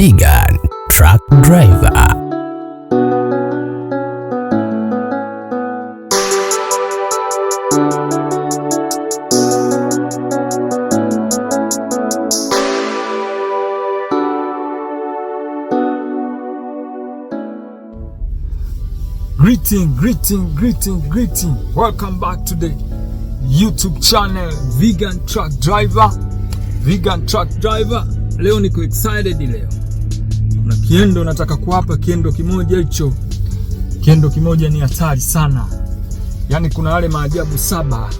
Vegan Truck Driver. Greeting, greeting, greeting, greeting. Welcome back to the YouTube channel Vegan Truck Driver. Vegan Truck Driver. Leo niko excited leo kuna kiendo nataka kuwapa kiendo kimoja hicho, kiendo kimoja ni hatari sana. Yaani kuna wale maajabu saba,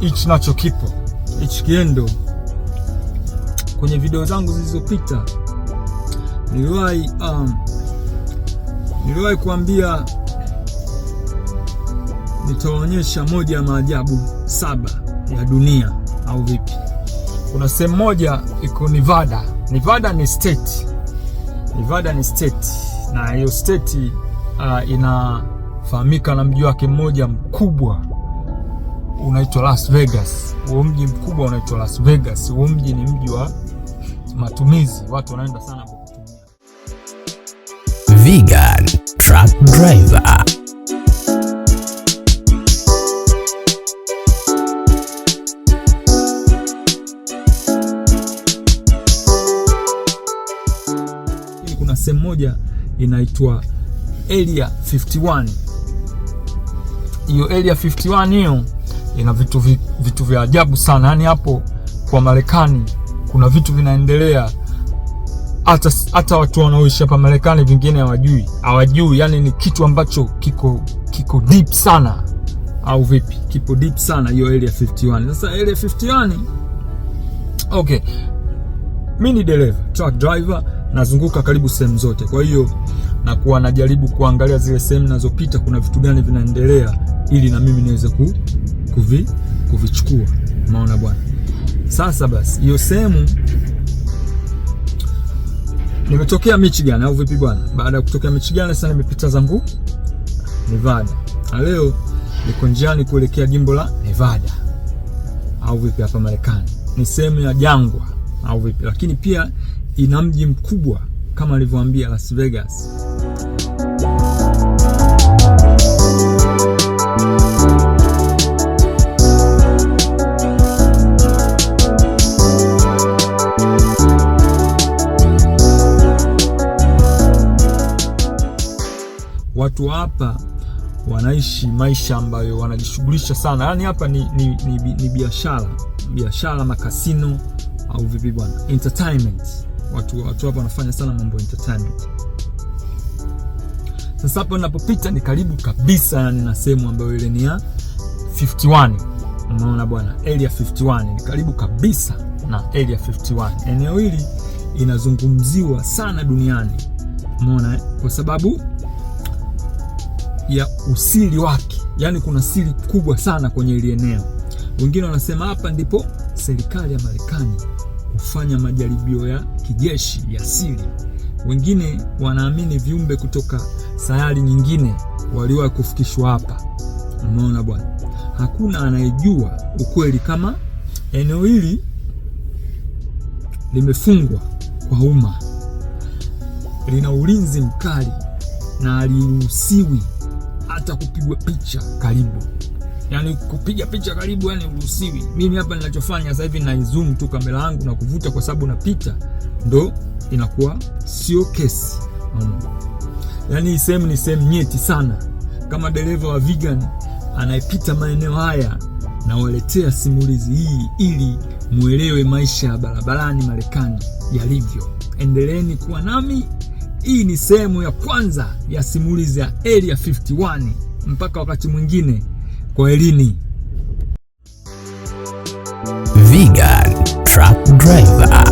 hichi nacho kipo hichi kiendo. Kwenye video zangu zilizopita niliwahi um, niliwahi kuambia nitaonyesha moja ya maajabu saba ya dunia au vipi? Kuna sehemu moja iko Nevada. Nevada ni state Nevada ni state na hiyo state uh, inafahamika na mji wake mmoja mkubwa unaitwa Las Vegas. Huo mji mkubwa unaitwa Las Vegas. Huo mji ni mji wa matumizi, watu wanaenda sana kwa kutumia. Vegan truck driver kuna sehemu moja inaitwa Area 51. Hiyo Area 51 hiyo ina vitu, vitu vya ajabu sana, yaani hapo kwa Marekani kuna vitu vinaendelea hata hata watu wanaoishi hapa Marekani vingine hawajui hawajui, yani ni kitu ambacho kiko kiko deep sana, au vipi? Kipo deep sana hiyo area 51. Sasa area 51, okay, mimi ni dereva truck driver nazunguka karibu sehemu zote, kwa hiyo nakuwa najaribu kuangalia zile sehemu nazopita kuna vitu gani vinaendelea, ili na mimi niweze ku, kuvi, kuvichukua. Maona bwana. Sasa basi hiyo sehemu nimetokea Michigan au vipi bwana? Baada ya kutokea Michigan sasa nimepita zangu Nevada. Na leo niko njiani kuelekea jimbo la Nevada au vipi hapa Marekani. Ni sehemu ya jangwa au vipi? Lakini pia ina mji mkubwa kama alivyoambia Las Vegas. Watu hapa wanaishi maisha ambayo wanajishughulisha sana, yaani hapa ni, ni, ni, ni biashara biashara, makasino au vipi bwana, entertainment watu watu hapa wanafanya sana mambo entertainment. Sasa hapo ninapopita ni karibu kabisa na nina sehemu ambayo ile ni ya 51. Unaona bwana, area 51 ni karibu kabisa na area 51. Eneo hili inazungumziwa sana duniani, umeona, kwa sababu ya usiri wake. Yaani kuna siri kubwa sana kwenye ile eneo. Wengine wanasema hapa ndipo serikali ya Marekani kufanya majaribio ya kijeshi ya siri. Wengine wanaamini viumbe kutoka sayari nyingine waliwahi kufikishwa hapa. Umeona bwana, hakuna anayejua ukweli kama eneo hili limefungwa kwa umma, lina ulinzi mkali na haliruhusiwi hata kupigwa picha karibu yani kupiga picha karibu, yani uruhusiwi. Mimi hapa ninachofanya sasa hivi na zoom tu kamera yangu na kuvuta, kwa sababu napita, ndo inakuwa sio kesi. Yani sehemu ni sehemu nyeti sana. Kama dereva wa vegan anayepita maeneo haya, nawaletea simulizi hii ili muelewe maisha ya barabarani Marekani yalivyo. Endeleeni kuwa nami. Hii ni sehemu ya kwanza ya simulizi ya Area 51. Mpaka wakati mwingine. Kwaherini. Vegan truck driver.